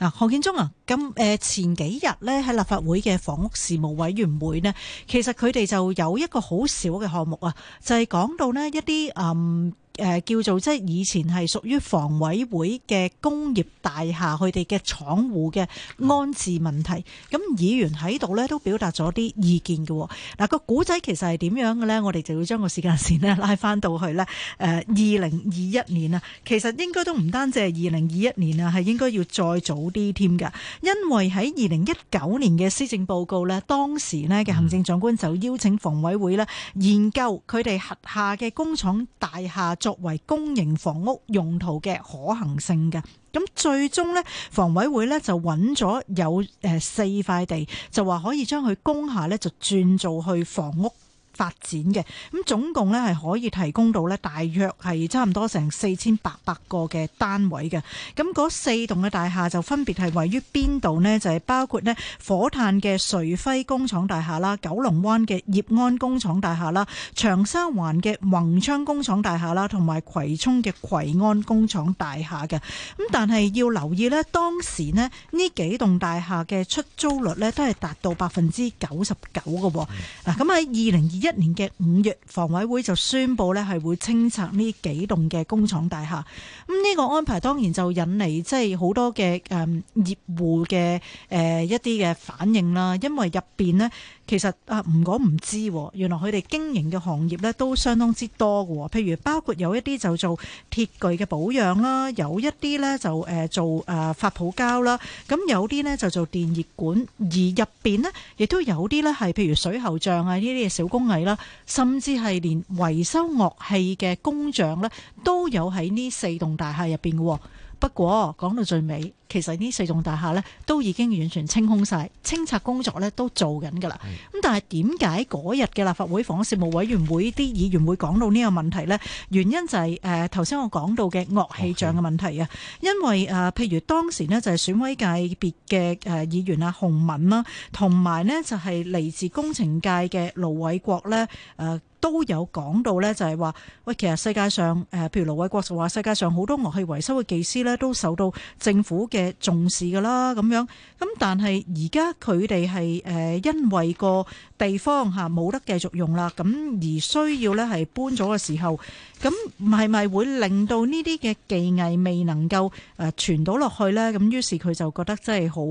啊，何建宗啊，咁誒，前幾日咧，喺立法會嘅房屋事務委員會咧，其實佢哋就有一個好少嘅項目啊，就係、是、講到咧一啲嗯。誒叫做即係以前係屬於房委會嘅工業大廈，佢哋嘅廠戶嘅安置問題，咁、嗯、議員喺度咧都表達咗啲意見嘅、哦。嗱、那個古仔其實係點樣嘅呢？我哋就要將個時間線呢拉翻到去呢。誒、呃，二零二一年啊，其實應該都唔單止係二零二一年啊，係應該要再早啲添㗎。因為喺二零一九年嘅施政報告呢，當時呢嘅行政長官就邀請房委會呢研究佢哋轄下嘅工廠大廈。作為公營房屋用途嘅可行性嘅，咁最終呢，房委會呢就揾咗有誒四塊地，就話可以將佢供下呢，就轉做去房屋。發展嘅，咁總共咧係可以提供到咧大約係差唔多成四千八百個嘅單位嘅，咁嗰四棟嘅大廈就分別係位於邊度呢？就係、是、包括咧火炭嘅瑞輝工廠大廈啦、九龍灣嘅業安工廠大廈啦、長沙灣嘅宏昌工廠大廈啦，同埋葵涌嘅葵安工廠大廈嘅。咁但係要留意呢，當時咧呢幾棟大廈嘅出租率咧都係達到百分之九十九嘅喎。嗱，咁喺二零二一一年嘅五月，房委會就宣布呢係會清拆呢幾棟嘅工廠大廈，咁、這、呢個安排當然就引嚟即係好多嘅誒業戶嘅誒一啲嘅反應啦，因為入邊呢。其實啊，唔講唔知，原來佢哋經營嘅行業呢都相當之多喎。譬如包括有一啲就做鐵具嘅保養啦，有一啲呢就做誒發泡膠啦，咁有啲呢就做電熱管，而入面呢，亦都有啲呢係譬如水喉匠啊呢啲嘅小工藝啦，甚至係連維修樂器嘅工匠呢，都有喺呢四棟大廈入面嘅。不過講到最尾，其實呢四幢大廈呢都已經完全清空晒，清拆工作呢都做緊㗎啦。咁的但係點解嗰日嘅立法會房屋事務委員會啲議員會講到呢個問題呢？原因就係誒頭先我講到嘅樂器象嘅問題啊。哦、因為誒、呃、譬如當時呢，就係、是、選委界別嘅誒、呃、議員啊洪雯啦，同埋呢就係、是、嚟自工程界嘅盧偉國呢。呃都有講到呢，就係話喂，其實世界上誒，譬如盧偉國就話，世界上好多樂器維修嘅技師呢，都受到政府嘅重視㗎啦，咁樣。咁但係而家佢哋係因為個地方嚇冇、啊、得繼續用啦，咁而需要呢係搬咗嘅時候，咁係咪會令到呢啲嘅技藝未能夠誒傳到落去呢？咁於是佢就覺得真係好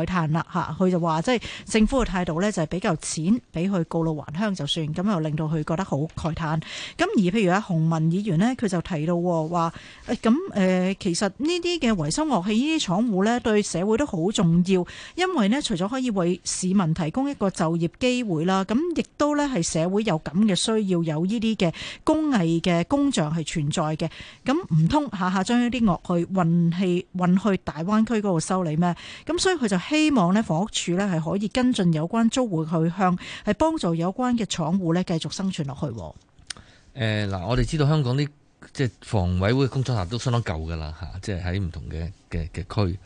慨嘆啦吓，佢就話即係政府嘅態度呢，就係比較淺，俾佢告老還鄉就算，咁又令到佢。覺得好慨嘆，咁而譬如阿洪文議員呢，佢就提到話，咁、哎、其實呢啲嘅維修樂器呢啲廠戶呢，對社會都好重要，因為呢，除咗可以為市民提供一個就業機會啦，咁亦都呢係社會有咁嘅需要，有呢啲嘅工藝嘅工匠係存在嘅，咁唔通下下將呢啲樂器運去運去大灣區嗰度修理咩？咁所以佢就希望呢房屋署呢，係可以跟進有關租戶去向，係幫助有關嘅廠戶呢繼續生。傳落去、哦，誒嗱、呃，我哋知道香港啲即係房委會嘅工作塔都相當舊噶啦吓，即係喺唔同嘅嘅嘅區。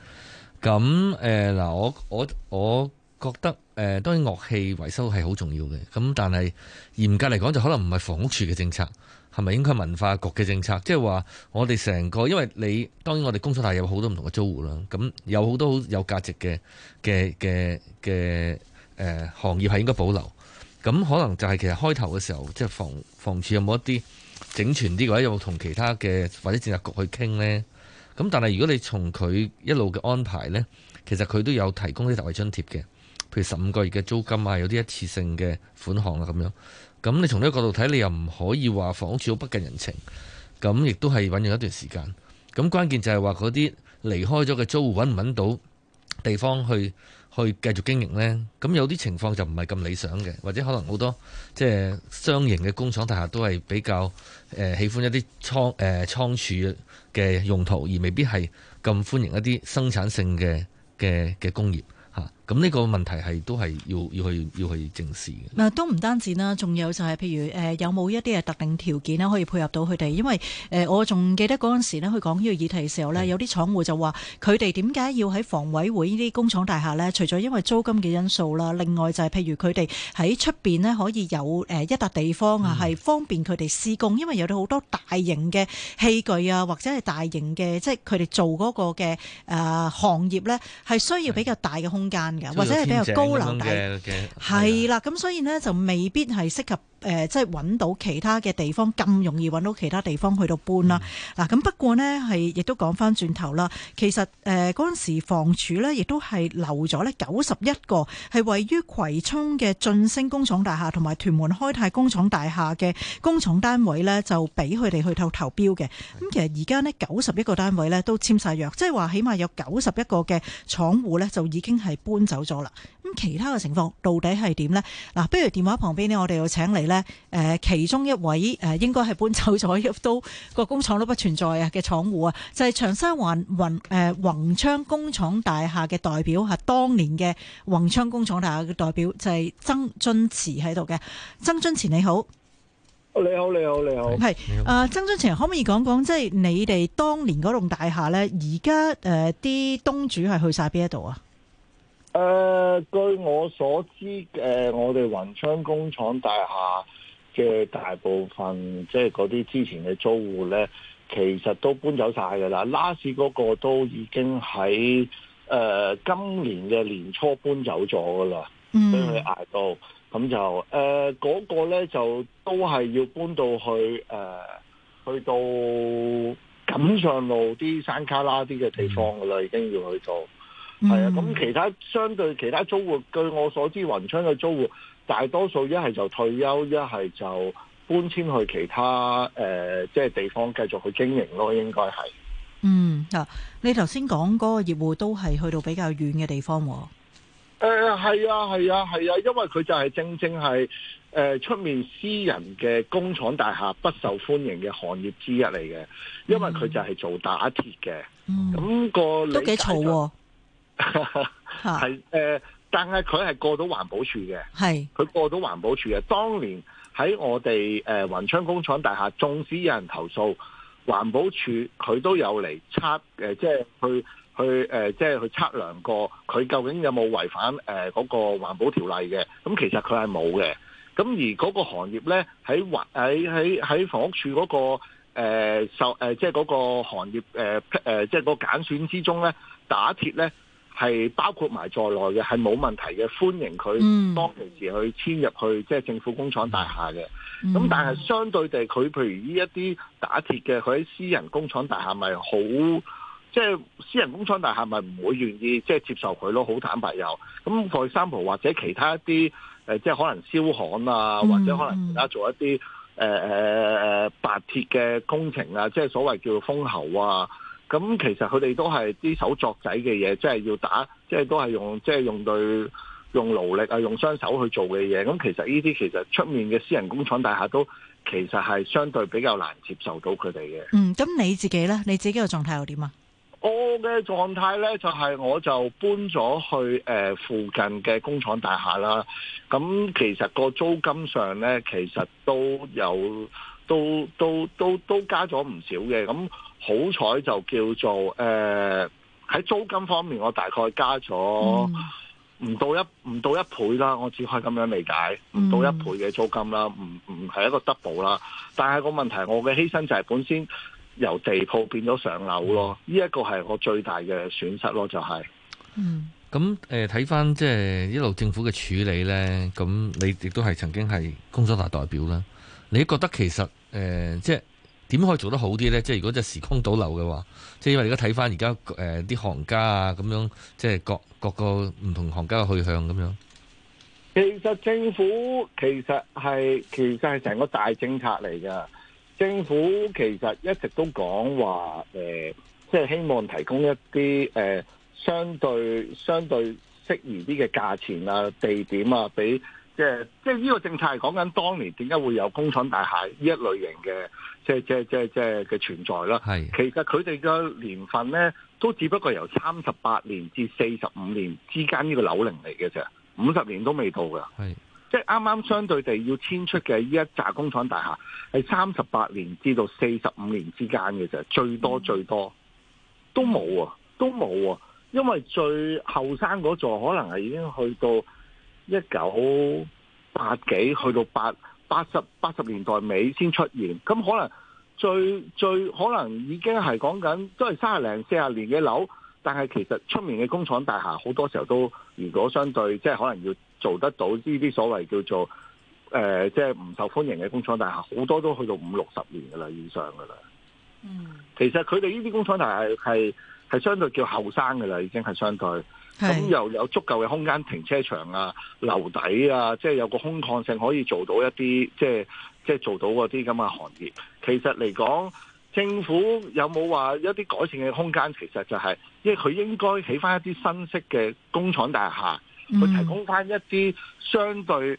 咁誒嗱，我我我覺得誒、呃，當然樂器維修係好重要嘅。咁但係嚴格嚟講，就可能唔係房屋署嘅政策，係咪應該文化局嘅政策？即係話我哋成個，因為你當然我哋工作塔有好多唔同嘅租戶啦。咁有好多好有價值嘅嘅嘅嘅誒行業係應該保留。咁可能就係其實開頭嘅時候，即係房房署有冇一啲整全啲，或者有冇同其他嘅或者政策局去傾呢？咁但係如果你從佢一路嘅安排呢，其實佢都有提供啲特惠津貼嘅，譬如十五個月嘅租金啊，有啲一,一次性嘅款項啊咁樣。咁你從呢個角度睇，你又唔可以話房署好不近人情。咁亦都係揾咗一段時間。咁關鍵就係話嗰啲離開咗嘅租戶揾唔揾到地方去去繼續經營呢？咁有啲情況就唔係咁理想嘅，或者可能好多即係商營嘅工廠大廈都係比較誒、呃、喜歡一啲倉誒倉儲嘅用途，而未必係咁歡迎一啲生產性嘅嘅嘅工業吓。咁呢個問題係都係要要去要去正視嘅。都唔單止啦，仲有就係、是、譬如誒、呃、有冇一啲嘅特定條件呢可以配合到佢哋？因為誒、呃、我仲記得嗰陣時咧，佢講呢個議題嘅時候呢的有啲廠戶就話佢哋點解要喺房委會呢啲工廠大廈呢？除咗因為租金嘅因素啦，另外就係譬如佢哋喺出邊呢可以有一笪地方啊，係方便佢哋施工，嗯、因為有咗好多大型嘅器具啊，或者係大型嘅即係佢哋做嗰個嘅誒、呃、行業呢，係需要比較大嘅空間。或者係比較高樓底，係啦，咁所以咧就未必係適合。誒，即係揾到其他嘅地方，咁容易揾到其他地方去到搬啦。嗱、嗯，咁不過呢，係，亦都講翻轉頭啦。其實誒，嗰、呃、陣時房署呢，亦都係留咗呢九十一個係位於葵涌嘅晉升工廠大廈同埋屯門開泰工廠大廈嘅工廠單位呢，就俾佢哋去投投標嘅。咁的其實而家呢，九十一個單位呢，都簽晒約，即係話起碼有九十一個嘅廠戶呢，就已經係搬走咗啦。咁其他嘅情況到底係點呢？嗱、啊，不如電話旁邊呢，我哋又請嚟。咧，誒其中一位誒應該係搬走咗，都個工廠都不存在啊嘅廠戶啊，就係、是、長沙灣雲誒宏、宏昌工廠大廈嘅代表，係當年嘅宏昌工廠大廈嘅代表，就係、是、曾遵慈喺度嘅。曾遵慈你、你好，你好你好你好，係啊是好、呃，曾遵慈可唔可以講講即係你哋當年嗰棟大廈咧，而家誒啲東主係去晒邊一度啊？誒、呃，據我所知，誒、呃，我哋宏昌工廠大廈嘅大部分，即係嗰啲之前嘅租戶咧，其實都搬走晒㗎啦。last 嗰個都已經喺誒、呃、今年嘅年初搬走咗㗎啦。嗯，俾佢捱到，咁就誒嗰、呃那個咧就都係要搬到去誒、呃，去到錦上路啲山卡拉啲嘅地方㗎啦，已經要去到。係、嗯、啊，咁其他相對其他租戶，據我所知，宏昌嘅租戶大多數一係就退休，一係就搬遷去其他誒、呃，即係地方繼續去經營咯，應該係。嗯，嗱、啊，你頭先講嗰個業戶都係去到比較遠嘅地方喎。誒、呃，係啊，係啊，係啊，因為佢就係正正係誒出面私人嘅工廠大廈不受歡迎嘅行業之一嚟嘅，因為佢就係做打鐵嘅。咁、嗯、個、就是嗯、都幾嘈。係 但係佢係過到環保處嘅。係是，佢過到環保處嘅。當年喺我哋誒宏昌工廠大廈，縱使有人投訴，環保處佢都有嚟測誒、呃，即係去去誒、呃，即係去測量過佢究竟有冇違反誒嗰、呃那個環保條例嘅。咁其實佢係冇嘅。咁而嗰個行業咧，喺環喺喺喺房屋處嗰、那個誒、呃、受誒、呃，即係嗰個行業誒誒、呃，即係個揀選之中咧打鐵咧，係包括埋在內嘅，係冇問題嘅，歡迎佢當其時去遷入去即係、就是、政府工廠大廈嘅。咁但係相對地，佢譬如呢一啲打鐵嘅，佢喺私人工廠大廈咪好即係私人工廠大廈咪唔會願意即係接受佢咯，好坦白又咁在三號或者其他一啲誒、呃、即係可能燒焊啊，或者可能其他做一啲誒誒誒白鐵嘅工程啊，即係所謂叫做封喉啊。咁其實佢哋都係啲手作仔嘅嘢，即係要打，即係都係用，即係用對用勞力啊，用雙手去做嘅嘢。咁其實呢啲其實出面嘅私人工廠大廈都其實係相對比較難接受到佢哋嘅。嗯，咁你自己呢？你自己嘅狀態又點啊？我嘅狀態呢，就係我就搬咗去，呃，附近嘅工廠大廈啦。咁其實個租金上呢，其實都有，都都都都加咗唔少嘅，咁好彩就叫做誒喺、呃、租金方面，我大概加咗唔到一唔到一倍啦，我只可以咁樣理解，唔到一倍嘅租金啦，唔唔係一個 double 啦。但係個問題，我嘅犧牲就係本身由地鋪變咗上樓咯，呢一、嗯、個係我最大嘅損失咯，就係。嗯，咁誒睇翻即係一路政府嘅處理咧，咁你亦都係曾經係工廈大代表啦。你覺得其實誒、呃，即係點可以做得好啲咧？即係如果就係時空倒流嘅話，即係因為而家睇翻而家誒啲行家啊，咁樣即係各各個唔同行家嘅去向咁樣。其實政府其實係其實係成個大政策嚟噶。政府其實一直都講話誒，即、呃、係、就係、希望提供一啲誒、呃、相對相對適宜啲嘅價錢啊、地點啊，俾。即係即係呢個政策係講緊當年點解會有工廠大廈呢一類型，嘅即係即係即係即係嘅存在啦。係是其實佢哋嘅年份咧，都只不過由三十八年至四十五年之間，呢個樓齡嚟嘅啫，五十年都未到㗎。係是即係啱啱相對地要遷出嘅呢一紮工廠大廈係三十八年至到四十五年之間嘅啫，最多最多都冇啊，都冇啊，因為最後生嗰座可能係已經去到。一九八幾去到八八十八十年代尾先出現，咁可能最最可能已經係講緊都係三廿零四廿年嘅樓，但係其實出面嘅工廠大廈好多時候都如果相對即係、就是、可能要做得到呢啲所謂叫做誒即係唔受歡迎嘅工廠大廈，好多都去到五六十年㗎喇以上㗎喇。嗯，其實佢哋呢啲工廠大廈係係相對叫後生㗎喇，已經係相對。咁又是有足夠嘅空間停車場啊、樓底啊，即係有個空曠性可以做到一啲，即係即係做到嗰啲咁嘅行業。其實嚟講，政府有冇話一啲改善嘅空間？其實就係、是，因為佢應該起返一啲新式嘅工廠大廈，去提供返一啲相對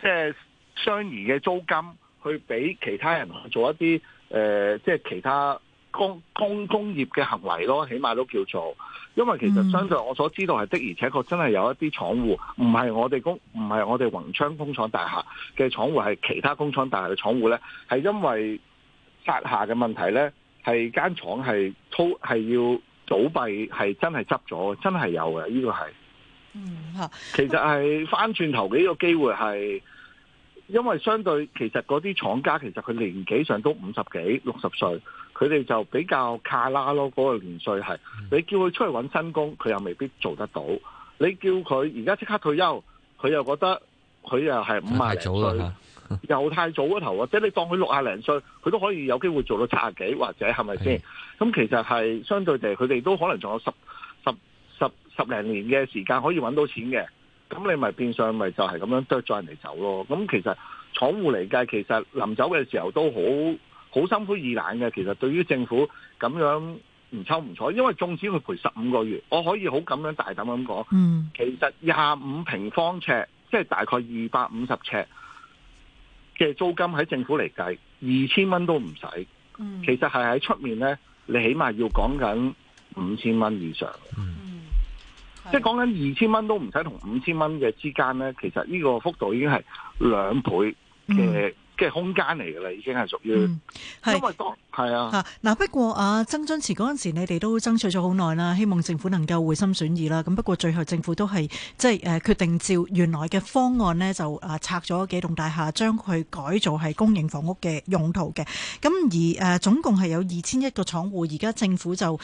即係相宜嘅租金，去畀其他人做一啲誒、呃，即係其他。工工工業嘅行為咯，起碼都叫做。因為其實相信我所知道係的，而且確真係有一啲廠戶，唔係我哋工，唔係我哋宏昌工廠大廈嘅廠戶，係其他工廠大廈嘅廠戶呢，係因為塌下嘅問題呢，係間廠係操要倒閉，係真係執咗，真係有嘅，呢個係，嗯，其實係翻轉頭嘅呢個機會係。因為相對其實嗰啲廠家其實佢年紀上都五十幾六十歲，佢哋就比較卡啦咯，嗰、嗰個年歲係你叫佢出去揾新工，佢又未必做得到。你叫佢而家即刻退休，佢又覺得佢又係五廿零歲，又太早嗰頭啊！即 你當佢六廿零歲，佢都可以有機會做到七廿幾，或者係咪先？咁是、嗯、其實係相對地，佢哋都可能仲有十十十十零年嘅時間可以揾到錢嘅。咁你咪變相咪就係咁樣剁咗人哋走咯。咁其實廠戶嚟計，其實臨走嘅時候都好好心灰意冷嘅。其實對於政府咁樣唔瞅唔睬，因為縱使佢賠十五個月，我可以好咁樣大膽咁講，其實廿五平方尺即係、就是、大概二百五十尺嘅租金喺政府嚟計，二千蚊都唔使。其實係喺出面呢，你起碼要講緊五千蚊以上。即係講緊二千蚊都唔使同五千蚊嘅之間咧，其實呢個幅度已經係兩倍嘅。嗯嘅空間嚟噶啦，已經係屬於，嗯、因為當嗱、啊啊、不過啊，曾遵慈嗰陣時，你哋都爭取咗好耐啦，希望政府能夠回心轉意啦。咁不過最後政府都係即係誒決定照原來嘅方案呢，就啊拆咗幾棟大廈，將佢改造係公營房屋嘅用途嘅。咁、啊、而誒、啊、總共係有二千一個廠戶，而家政府就誒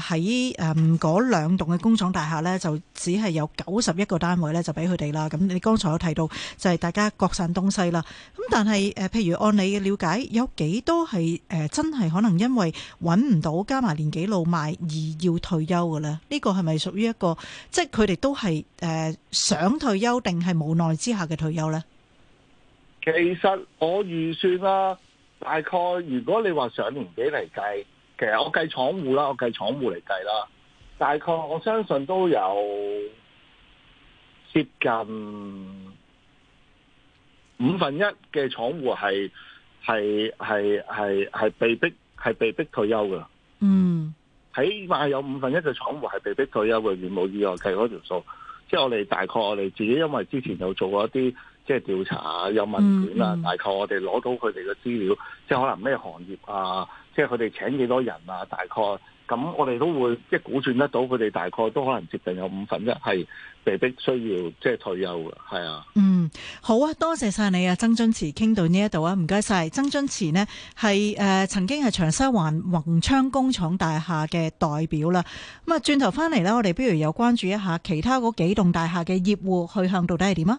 喺誒嗰兩棟嘅工廠大廈呢，就只係有九十一個單位呢，就俾佢哋啦。咁、啊、你剛才有提到就係、是、大家各散東西啦。咁、啊、但係，誒，譬如按你嘅了解，有幾多係誒真係可能因為搵唔到，加埋年紀老邁而要退休嘅咧？呢、這個係咪屬於一個，即係佢哋都係誒想退休，定係無奈之下嘅退休咧？其實我預算啦、啊，大概如果你話上年紀嚟計，其實我計廠戶啦，我計廠戶嚟計啦，大概我相信都有接近。五分一嘅廠戶係係係係係被逼係被逼退休㗎。嗯，起碼有五分一嘅廠戶係被逼退休，永遠冇意外計嗰條數，即係我哋大概我哋自己，因為之前有做過一啲。即係調查啊，有問卷啊，大概我哋攞到佢哋嘅資料，嗯、即係可能咩行業啊，即係佢哋請幾多人啊，大概咁，那我哋都會即係估算得到佢哋大概都可能接近有五分一，係被迫需要即係退休嘅，係啊。嗯，好啊，多謝晒你啊，曾遵慈，傾到呢一度啊，唔該晒，曾遵慈呢係誒、呃、曾經係長沙灣宏昌工廠大廈嘅代表啦。咁啊，轉頭翻嚟呢，我哋不如有關注一下其他嗰幾棟大廈嘅業戶去向到底係點啊。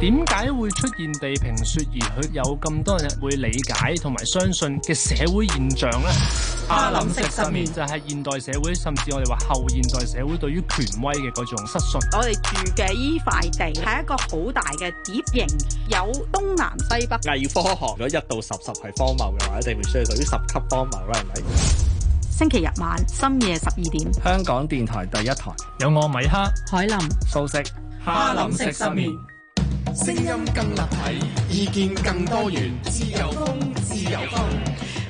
點解會出現地平說？而佢有咁多人會理解同埋相信嘅社會現象咧？哈林食失眠就係現代社會，甚至我哋話後現代社會對於權威嘅嗰種失信。我哋住嘅呢塊地係一個好大嘅碟形，有東南西北。偽科學如果一到十十係荒謬嘅話，一定必須屬於十級荒謬。星期日晚深夜十二點，香港電台第一台有我米哈、海林、素食、哈林食失眠。聲音更立體，意見更多元，自由風，自由風。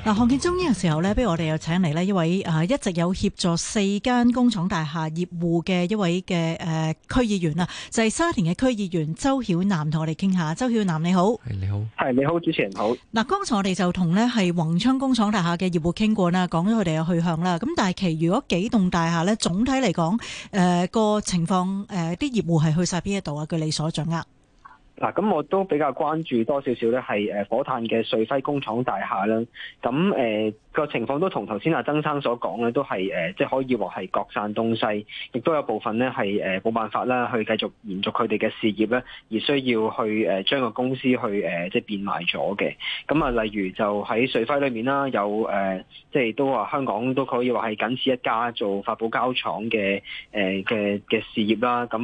嗱，看建中呢個時候呢，不如我哋又請嚟呢一位誒，一直有協助四間工廠大廈業戶嘅一位嘅誒、呃、區議員就係、是、沙田嘅區議員周曉嵐，同我哋傾下。周曉嵐你好，係你好，係你好，主持人好。嗱，剛才我哋就同呢係宏昌工廠大廈嘅業戶傾過啦，講咗佢哋嘅去向啦。咁但係其餘嗰幾棟大廈呢，總體嚟講誒個情況誒啲、呃、業戶係去晒邊一度啊？據你所掌握。嗱，咁我都比較關注多少少咧，係，誒火炭嘅瑞輝工廠大廈啦。咁誒個情況都同頭先阿曾生所講咧，都係誒即係可以話係各散東西，亦都有部分咧係誒冇辦法啦，去繼續延續佢哋嘅事業咧，而需要去誒將、呃、個公司去誒、呃、即係變賣咗嘅。咁啊，例如就喺瑞輝裏面啦，有誒、呃、即係都話香港都可以話係僅此一家做發泡膠廠嘅誒嘅嘅事業啦。咁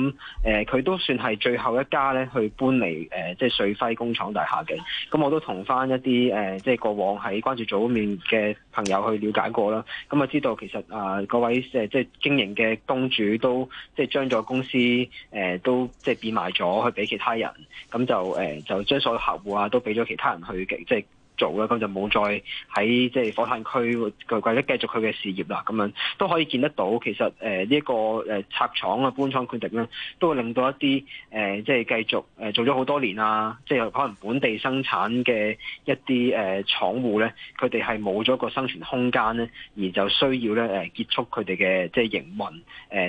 誒，佢、呃、都算係最後一家咧去搬嚟。誒、呃，即係瑞輝工廠大廈嘅，咁我都同翻一啲誒、呃，即係過往喺關注組面嘅朋友去了解過啦，咁啊知道其實啊，呃、各位即係即係經營嘅東主都即係將咗公司誒、呃，都即係變賣咗去俾其他人，咁就誒、呃，就將所有客戶啊都俾咗其他人去即係。做咁就冇再喺即係火炭區佢鬼咧，繼續佢嘅事業啦。咁樣都可以見得到，其實誒呢一個誒拆廠啊、搬廠決定咧，都會令到一啲誒即係繼續誒做咗好多年啦，即係可能本地生產嘅一啲誒廠戶咧，佢哋係冇咗個生存空間咧，而就需要咧誒結束佢哋嘅即係營運，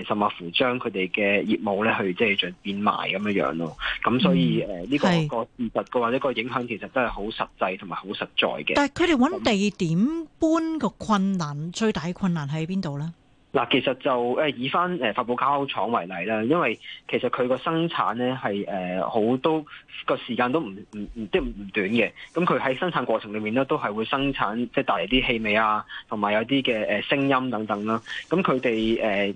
誒甚至乎將佢哋嘅業務咧去即係轉變賣咁樣樣咯。咁所以誒呢個個現實嘅話，呢個影響其實真係好實際同埋好。實在嘅，但係佢哋揾地點搬個困難，最大嘅困難喺邊度咧？嗱，其實就誒以翻誒發泡膠廠為例啦，因為其實佢個生產咧係誒好多個時間都唔唔唔即係唔短嘅，咁佢喺生產過程裏面咧都係會生產即係帶嚟啲氣味啊，同埋有啲嘅誒聲音等等啦。咁佢哋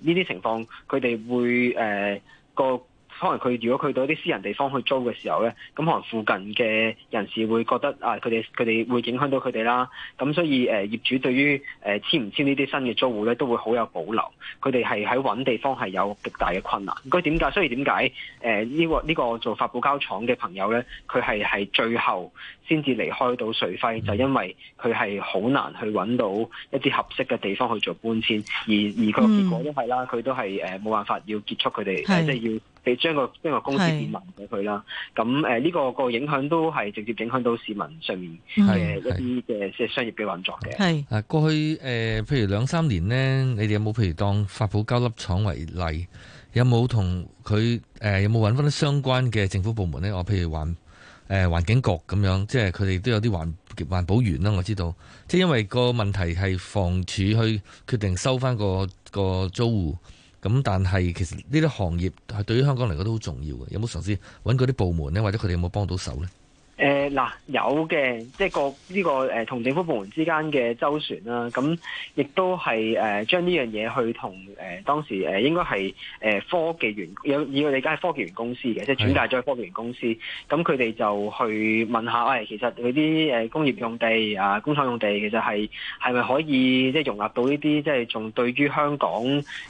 誒呢啲情況，佢哋會誒、呃、個。可能佢如果去到一啲私人地方去租嘅時候咧，咁可能附近嘅人士會覺得啊，佢哋佢哋會影響到佢哋啦。咁所以誒、呃、業主對於誒簽唔簽呢啲新嘅租戶咧，都會好有保留。佢哋係喺搵地方係有極大嘅困難。唔該，點解？所以點解誒呢個呢、呢個做發泡膠廠嘅朋友咧，佢係係最後先至離開到瑞輝，嗯、就因為佢係好難去搵到一啲合適嘅地方去做搬遷。而而個結果都係啦，佢、嗯、都係誒冇辦法要結束佢哋即係要。你將個將個公司變賣俾佢啦，咁誒呢個個影響都係直接影響到市民上面嘅一啲嘅即係商業嘅運作嘅。係啊，過去、呃、譬如兩三年呢，你哋有冇譬如當發泡膠粒廠為例，有冇同佢誒有冇搵翻啲相關嘅政府部門咧？我譬如環誒環境局咁樣，即係佢哋都有啲環環保員啦。我知道，即係因為個問題係房署去決定收翻個個租戶。咁但係其實呢啲行業係對於香港嚟講都好重要嘅，有冇嘗試揾嗰啲部門咧，或者佢哋有冇幫到手咧？誒嗱、呃，有嘅，即係、這個呢個同政府部門之間嘅周旋啦。咁、啊、亦都係誒將呢樣嘢去同誒、呃、當時誒應該係誒科技園有以佢理解係科技園公司嘅，的即係轉介咗科技園公司。咁佢哋就去問下，喂、哎，其實佢啲誒工業用地啊、工廠用地，其實係係咪可以、就是、合即係融入到呢啲即係仲對於香港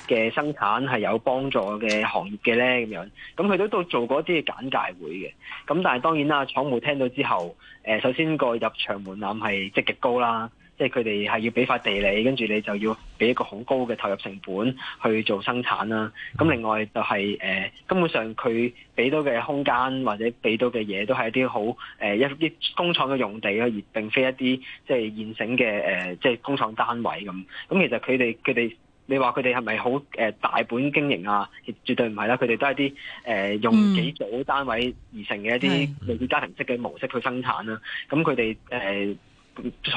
嘅生產係有幫助嘅行業嘅咧？咁樣咁佢都都做過一啲簡介會嘅。咁、啊、但係當然啦、啊，廠務廳。到之後，誒，首先個入場門檻係積極高啦，即係佢哋係要俾塊地你，跟住你就要俾一個好高嘅投入成本去做生產啦。咁另外就係誒，根本上佢俾到嘅空間或者俾到嘅嘢都係一啲好誒一啲工廠嘅用地，而並非一啲即係現成嘅誒即係工廠單位咁。咁其實佢哋佢哋。你話佢哋係咪好誒大本經營啊？絕對唔係啦，佢哋都係啲誒用幾組單位而成嘅一啲類似家庭式嘅模式去生產啦。咁佢哋誒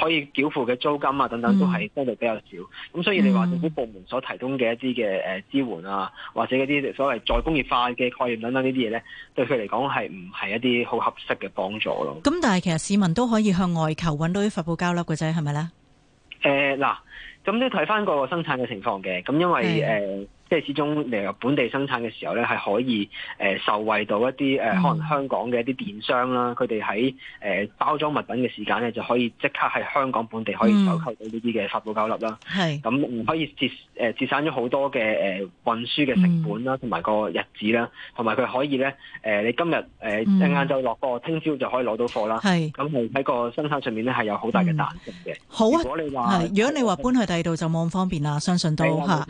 可以繳付嘅租金啊等等都係相對比較少。咁、嗯、所以你話政府部門所提供嘅一啲嘅誒支援啊，或者一啲所謂再工業化嘅概念等等這些呢啲嘢咧，對佢嚟講係唔係一啲好合適嘅幫助咯？咁但係其實市民都可以向外求揾到啲發布膠粒個仔係咪咧？誒嗱。呃咁都睇翻個生產嘅情況嘅，咁因為誒。即係始終嚟到本地生產嘅時候咧，係可以誒、呃、受惠到一啲誒、呃、可能香港嘅一啲電商啦，佢哋喺誒包裝物品嘅時間咧就可以即刻喺香港本地可以收購到呢啲嘅發泡膠粒啦。係咁，唔可以節誒節省咗好多嘅誒、呃、運輸嘅成本啦，同埋、嗯、個日子啦，同埋佢可以咧誒、呃、你今日誒晏晝落貨，聽、呃、朝、嗯、就可以攞到貨啦。係咁係喺個生產上面咧係有好大嘅彈性嘅、嗯。好啊，係如果你話搬去第二度就冇咁方便啦，相信都冇錯啦，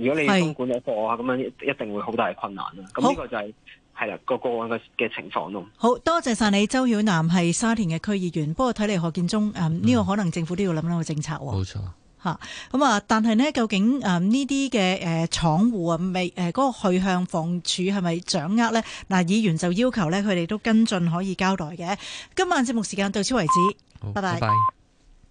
如果你管理課啊，咁樣一定會好大困難啦。咁呢個就係係啦個個案嘅嘅情況咯。好多謝晒你，周曉嵐係沙田嘅區議員。不過睇嚟何建忠誒呢個可能政府都要諗諗個政策。冇錯吓，咁啊、嗯，但係呢，究竟誒呢啲嘅誒廠戶啊未誒嗰個去向房署係咪掌握呢？嗱，議員就要求呢，佢哋都跟進可以交代嘅。今晚節目時間到此為止，好拜拜。拜拜。